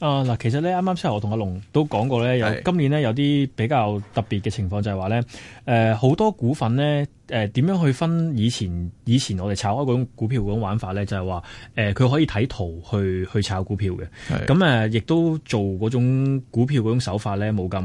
啊嗱，其實咧，啱啱先我同阿龍都講過咧，有今年咧有啲比較特別嘅情況，的就係話咧，誒、呃、好多股份咧，誒、呃、點樣去分以前以前我哋炒開嗰種股票嗰種玩法咧，就係話誒佢可以睇圖去去炒股票嘅，咁誒的、呃、亦都做嗰種股票嗰種手法咧，冇咁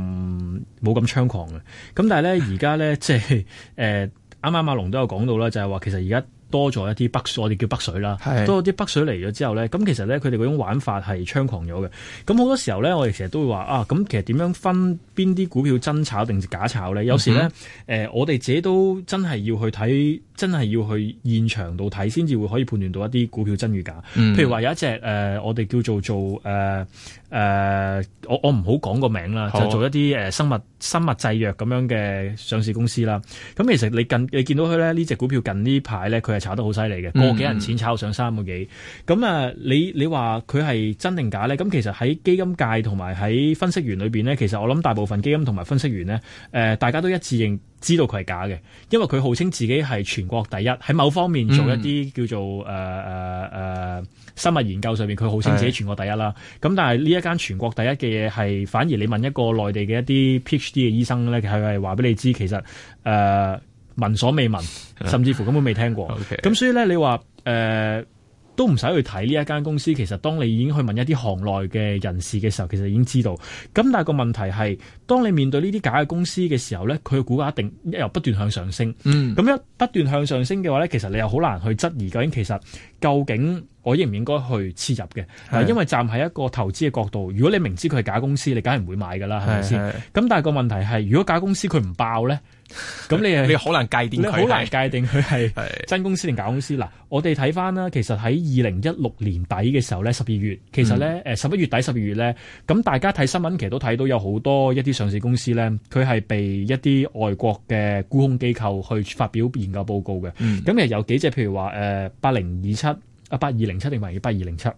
冇咁猖狂嘅，咁但係咧而家咧即係誒啱啱阿龍都有講到啦，就係話其實而家。多咗一啲北，我哋叫北水啦，是多咗啲北水嚟咗之後咧，咁其實咧佢哋嗰種玩法係猖狂咗嘅。咁好多時候咧，我哋、啊、其實都會話啊，咁其實點樣分邊啲股票真炒定假炒咧？嗯、哼有時咧，誒、呃，我哋自己都真係要去睇，真係要去現場度睇先至會可以判斷到一啲股票真與假。嗯、譬如話有一隻誒、呃，我哋叫做做誒誒、呃呃，我我唔好講個名啦，就做一啲誒生物生物製藥咁樣嘅上市公司啦。咁其實你近你見到佢咧，呢隻股票近，近呢排咧，佢係。炒得好犀利嘅，過幾個幾人錢炒上三個幾，咁啊、嗯，你你話佢係真定假咧？咁其實喺基金界同埋喺分析員裏邊咧，其實我諗大部分基金同埋分析員咧，誒、呃，大家都一致認知道佢係假嘅，因為佢號稱自己係全國第一，喺某方面做一啲叫做誒誒誒，生物研究上面，佢號稱自己全國第一啦。咁是但係呢一間全國第一嘅嘢，係反而你問一個內地嘅一啲 PhD 嘅醫生咧，佢係話俾你知，其實誒。呃聞所未聞，甚至乎根本未聽過。咁 Okay. 所以呢，你話誒、呃、都唔使去睇呢一間公司。其實，當你已經去問一啲行內嘅人士嘅時候，其實已經知道。咁但係個問題係，當你面對呢啲假嘅公司嘅時候呢，佢嘅股價一定又不斷向上升。嗯，咁一不斷向上升嘅話呢，其實你又好難去質疑究竟其實究竟我應唔應該去切入嘅。是因為站喺一個投資嘅角度，如果你明知佢係假公司，你梗係唔會買噶啦，係咪先？咁但係個問題係，如果假公司佢唔爆呢，咁是你你好難界定佢，好難界定佢係真公司定假公司嗱是。我哋睇翻啦，其實喺二零一六年底嘅時候呢，十二月其實呢，誒十一月底、十二月呢，咁、嗯、大家睇新聞其實都睇到有好多一啲上市公司呢，佢係被一啲外國嘅沽空機構去發表研究報告嘅。咁誒、嗯、有幾隻，譬如話誒八零二七。呃啊，八二零七定還是八二零七？誒，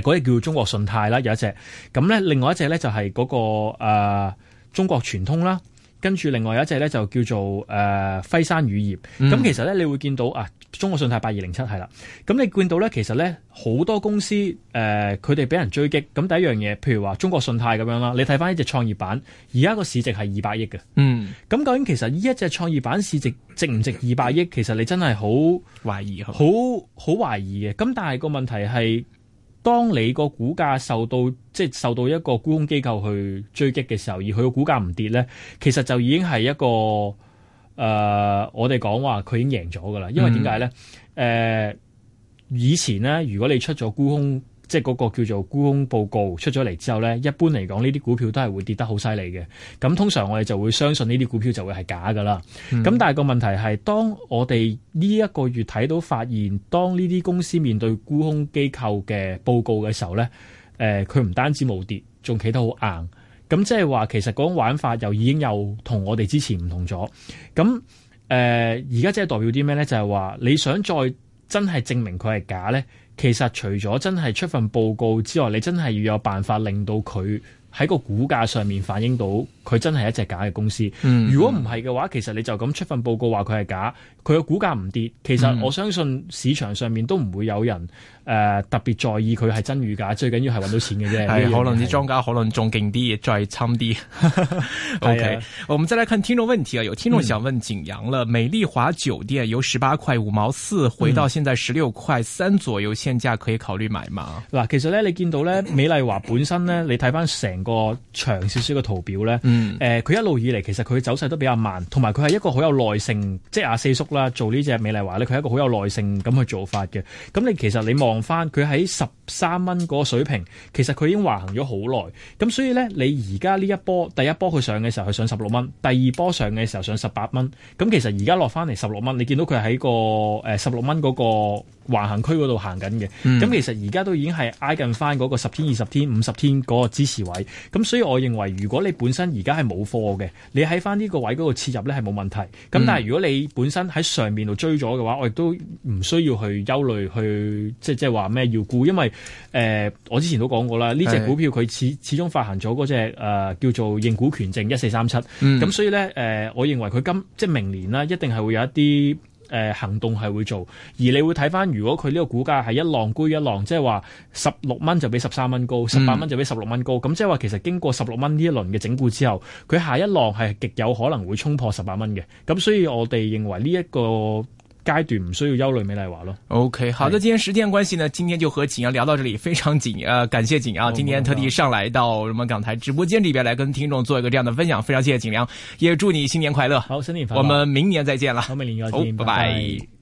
嗰隻叫中國信貸啦，有一隻，咁咧，另外一隻咧就係嗰、那個誒、呃、中國傳通啦。跟住另外一隻咧就叫做誒輝、呃、山乳業。咁其實咧，你會見到啊，中國信貸八二零七係啦，咁你見到咧，其實咧好多公司誒佢哋俾人追擊，咁第一樣嘢譬如話中國信貸咁樣啦，你睇翻呢隻創業板，而家個市值係二百億嘅，嗯，咁究竟其實呢一隻創業板市值值唔值二百億？其實你真係好懷疑，好好 懷疑嘅。咁但係個問題係，當你個股價受到即係受到一個沽空機構去追擊嘅時候，而佢個股價唔跌呢，其實就已經係一個誒、呃，我哋講話佢已經贏咗噶啦。因為點解呢？誒、呃，以前呢，如果你出咗沽空，即係嗰個叫做沽空報告出咗嚟之後呢，一般嚟講，呢啲股票都係會跌得好犀利嘅。咁通常我哋就會相信呢啲股票就會係假噶啦。咁、嗯、但係個問題係，當我哋呢一個月睇到發現，當呢啲公司面對沽空機構嘅報告嘅時候呢。誒，佢唔單止冇跌，仲企得好硬，咁、嗯、即係話其實嗰種玩法又已經又同我哋之前唔同咗。咁誒而家即係代表啲咩呢？就係、是、話你想再真係證明佢係假呢？其實除咗真係出份報告之外，你真係要有辦法令到佢。喺個股價上面反映到佢真係一隻假嘅公司。嗯、如果唔係嘅話，其實你就咁出份報告話佢係假，佢嘅股價唔跌，其實我相信市場上面都唔會有人誒、嗯、呃、特別在意佢係真與假，最緊要係揾到錢嘅啫。係、哎、可能啲莊家可能仲勁啲，再差啲。 OK，啊、我們再來看聽眾問題啊，有聽眾想問景揚了，嗯、美麗華酒店由十八塊五毛四回到現在十六塊三左右現價，可以考慮買嗎？嗱，其實咧你見到咧美麗華本身咧，你睇翻成。個長少少嘅圖表咧，誒、呃，佢一路以嚟其實佢走勢都比較慢，同埋佢係一個好有耐性，即係阿四叔啦，做呢隻美麗華咧，佢係一個好有耐性咁去做法嘅。咁你其實你望翻佢喺十三蚊嗰水平，其實佢已經橫行咗好耐。咁所以咧，你而家呢一波第一波佢上嘅時候係上十六蚊，第二波上嘅時候上十八蚊。咁其實而家落翻嚟十六蚊，你見到佢喺個誒十六蚊嗰個。呃橫行區嗰度行緊嘅，咁、嗯、其實而家都已經係挨近翻嗰個十天、二十天、五十天嗰個支持位，咁所以我認為，如果你本身而家係冇貨嘅，你喺翻呢個位嗰度切入呢係冇問題。咁但係如果你本身喺上面度追咗嘅話，我亦都唔需要去憂慮去即係即係話咩要沽，因為誒、呃、我之前都講過啦，呢、這、隻、個、股票佢始始終發行咗嗰隻誒叫做認股權證一四三七，咁所以呢，誒、呃，我認為佢今即係明年啦，一定係會有一啲。誒行動係會做，而你會睇返，如果佢呢個股價係一浪高一浪，即係話十六蚊就比十三蚊高，十八蚊就比十六蚊高，咁即係話其實經過十六蚊呢一輪嘅整固之後，佢下一浪係極有可能會衝破十八蚊嘅，咁所以我哋認為呢、這、一個階段不需要憂慮，美麗華了。OK，好的，今天時間關係呢，今天就和景揚聊到這裏，非常景呃，感謝景揚、啊，好今天特地上來到我們港台直播間裏邊，來跟聽眾做一個這樣的分享，非常謝謝景揚，也祝你新年快樂。好，新年快樂，我們明年再見啦，王美玲，年好，明年見好，拜拜。拜拜